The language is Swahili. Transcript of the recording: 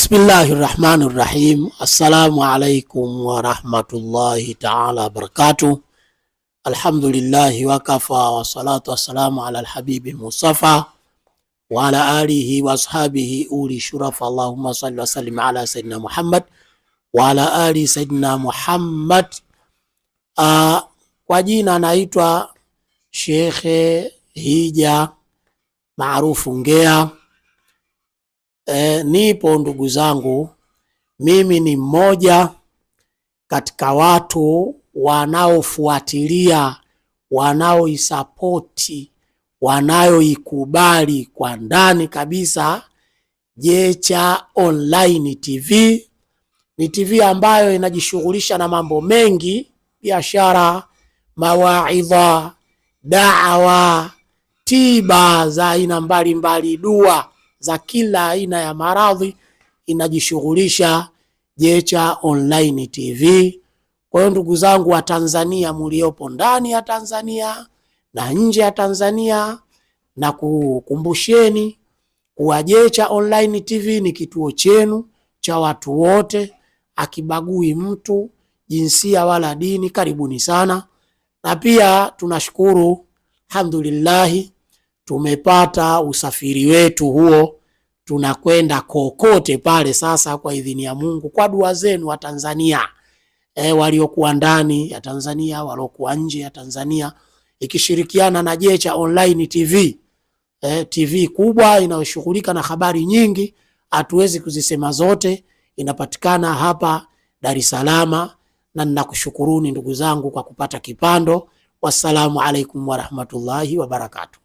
Bismillahi rahmani rahim. Assalamu alaikum warahmatullahi taala wabarakatuh. Alhamdulillahi wakafa wassalatu wassalamu ala alhabibi mustafa wa ala alihi wa uli shurafa. Allahumma salli wasallim ala sayidina Muhammad wa ala ali sayidina Muhammad. Uh, kwa jina anaitwa Shekhe Hija maarufu Ngea E, nipo ndugu zangu, mimi ni mmoja katika watu wanaofuatilia, wanaoisapoti, wanayoikubali kwa ndani kabisa Jecha Online TV. Ni TV ambayo inajishughulisha na mambo mengi, biashara, mawaidha, daawa, tiba za aina mbalimbali, dua za kila aina ya maradhi inajishughulisha Jecha Online TV. Kwa hiyo ndugu zangu wa Tanzania mliopo ndani ya Tanzania na nje ya Tanzania, na kukumbusheni kuwa Jecha Online TV ni kituo chenu cha watu wote, akibagui mtu jinsia wala dini. Karibuni sana, na pia tunashukuru alhamdulillahi tumepata usafiri wetu huo, tunakwenda kokote pale sasa, kwa idhini ya Mungu, kwa dua zenu wa Tanzania e, waliokuwa ndani ya Tanzania, waliokuwa nje ya Tanzania, ikishirikiana na Jecha Online TV e, TV kubwa inayoshughulika na habari nyingi, hatuwezi kuzisema zote, inapatikana hapa Dar es Salaam, na ninakushukuruni ndugu zangu kwa kupata kipando. Wassalamu alaikum warahmatullahi wabarakatuh.